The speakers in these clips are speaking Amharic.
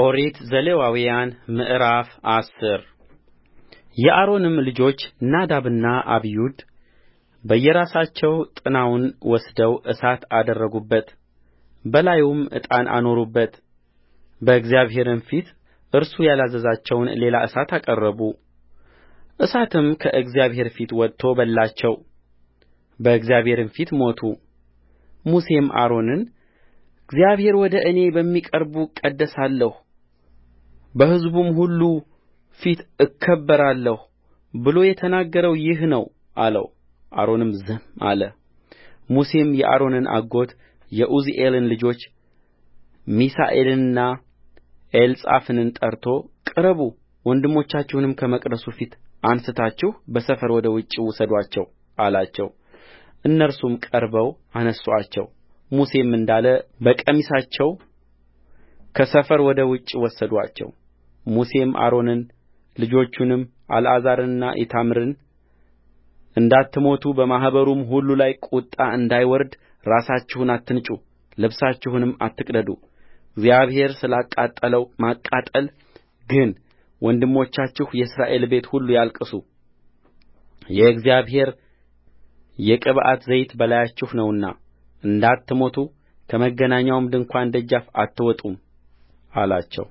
ኦሪት ዘሌዋውያን ምዕራፍ አስር የአሮንም ልጆች ናዳብና አብዩድ በየራሳቸው ጥናውን ወስደው እሳት አደረጉበት፣ በላዩም ዕጣን አኖሩበት። በእግዚአብሔርም ፊት እርሱ ያላዘዛቸውን ሌላ እሳት አቀረቡ። እሳትም ከእግዚአብሔር ፊት ወጥቶ በላቸው፣ በእግዚአብሔርም ፊት ሞቱ። ሙሴም አሮንን እግዚአብሔር ወደ እኔ በሚቀርቡ እቀደሳለሁ በሕዝቡም ሁሉ ፊት እከበራለሁ ብሎ የተናገረው ይህ ነው አለው አሮንም ዝም ሙሴም የአሮንን አጎት የዑዝኤልን ልጆች ሚሳኤልንና ኤልጻፋንን ጠርቶ ቅረቡ ወንድሞቻችሁንም ከመቅደሱ ፊት አንስታችሁ በሰፈር ወደ ውጭ ውሰዱአቸው አላቸው። እነርሱም ቀርበው አነሡአቸው። ሙሴም እንዳለ በቀሚሳቸው ከሰፈር ወደ ውጭ ወሰዱአቸው። ሙሴም አሮንን ልጆቹንም አልዓዛርንና ኢታምርን እንዳትሞቱ በማኅበሩም ሁሉ ላይ ቍጣ እንዳይወርድ ራሳችሁን አትንጩ ልብሳችሁንም አትቅደዱ እግዚአብሔር ስላቃጠለው ማቃጠል ግን ወንድሞቻችሁ የእስራኤል ቤት ሁሉ ያልቅሱ የእግዚአብሔር የቅብዓት ዘይት በላያችሁ ነውና እንዳትሞቱ ከመገናኛው ድንኳን ደጃፍ አትወጡም አላቸው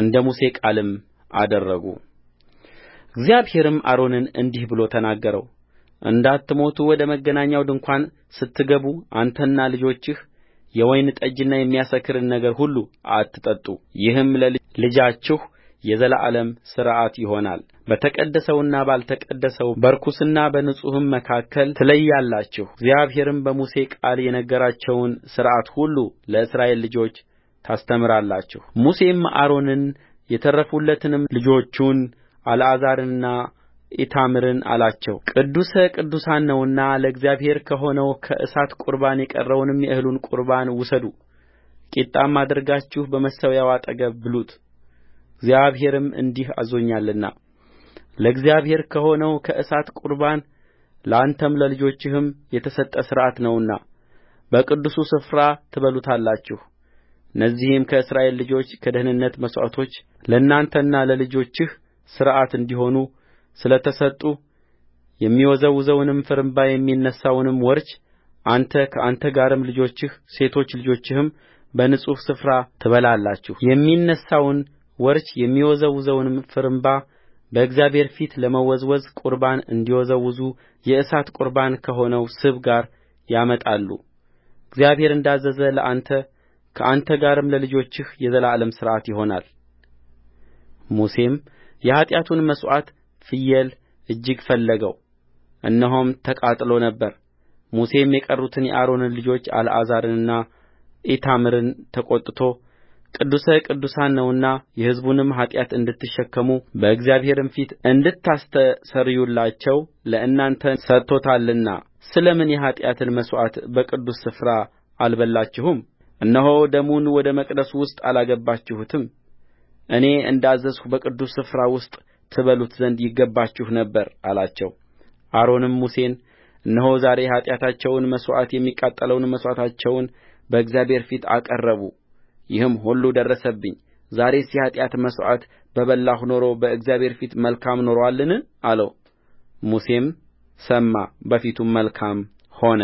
እንደ ሙሴ ቃልም አደረጉ እግዚአብሔርም አሮንን እንዲህ ብሎ ተናገረው እንዳትሞቱ ወደ መገናኛው ድንኳን ስትገቡ አንተና ልጆችህ የወይን ጠጅና የሚያሰክርን ነገር ሁሉ አትጠጡ ይህም ለልጃችሁ የዘላለም ሥርዓት ይሆናል በተቀደሰውና ባልተቀደሰው በርኩስና በንጹሕም መካከል ትለያላችሁእግዚአብሔርም በሙሴ ቃል የነገራቸውን ሥርዓት ሁሉ ለእስራኤል ልጆች ታስተምራላችሁሙሴም አሮንን የተረፉለትንም ልጆቹን አልዓዛርንና ኢታምርን አላቸው ቅዱስ ቅዱሳን ነውና ለእግዚአብሔር ከሆነው ከእሳት ቁርባን የቀረውን የእህሉን ቁርባን ውሰዱ ቂጣም አድርጋችሁ በመሠዊያው አጠገብ ብሉት እግዚአብሔርም እንዲህ አዞኛልና ለእግዚአብሔር ከሆነው ከእሳት ቁርባን ለአንተም ለልጆችህም የተሰጠ ሥርዓት ነውና በቅዱሱ ስፍራ ትበሉታላችሁ እነዚህም ከእስራኤል ልጆች ከደኅንነት መሥዋዕቶች ለአንተና ለልጆችህ ሥርዓት እንዲሆኑ ስለ ተሰጡ የሚወዘወዘውንም ፍርምባ የሚነሣውንም ወርች አንተ ከአንተ ጋርም ልጆችህ ሴቶች ልጆችህም በንጹሕ ስፍራ ትበላላችሁ የሚነሣውን ወርች የሚወዘወዘውንም ፍርምባ በእግዚአብሔር ፊት ለመወዝወዝ ቁርባን እንዲወዘውዙ የእሳት ቁርባን ከሆነው ስብ ጋር ያመጣሉ እግዚአብሔር እንዳዘዘ ለአንተ ከአንተ ጋርም ለልጆችህ የዘላለም ሥርዓት ይሆናልሙሴም የኃጢአቱን መሥዋዕት ፍየል እጅግ ፈለገው እነሆም ተቃጥሎ ነበር ሙሴም የቀሩትን የአሮንን ልጆች አልዓዛርንና ኢታምርን ተቈጥቶ ቅዱስ ቅዱሳን ነውና የሕዝቡንም ኃጢአት እንድትሸከሙ በእግዚአብሔርም ፊት እንድታስተሰርዩላቸው ለእናንተ ሰጥቶታልና ስለ ምን የኃጢአትን መሥዋዕት በቅዱስ ስፍራ አልበላችሁም እነሆ ደሙን ወደ መቅደሱ ውስጥ አላገባችሁትም እኔ እንዳዘዝሁ በቅዱስ ስፍራ ውስጥ ትበሉት ዘንድ ይገባችሁ ነበር አላቸው አሮንም ሙሴን እነሆ ዛሬ የኃጢአታቸውን መሥዋዕት የሚቃጠለውን መሥዋዕታቸውን በእግዚአብሔር ፊት አቀረቡ ይህም ሁሉ ደረሰብኝ ዛሬስ የኃጢአት መሥዋዕት በበላሁ ኖሮ በእግዚአብሔር ፊት መልካም ኖሮአልን አለው ሙሴም ሰማ በፊቱም መልካም ሆነ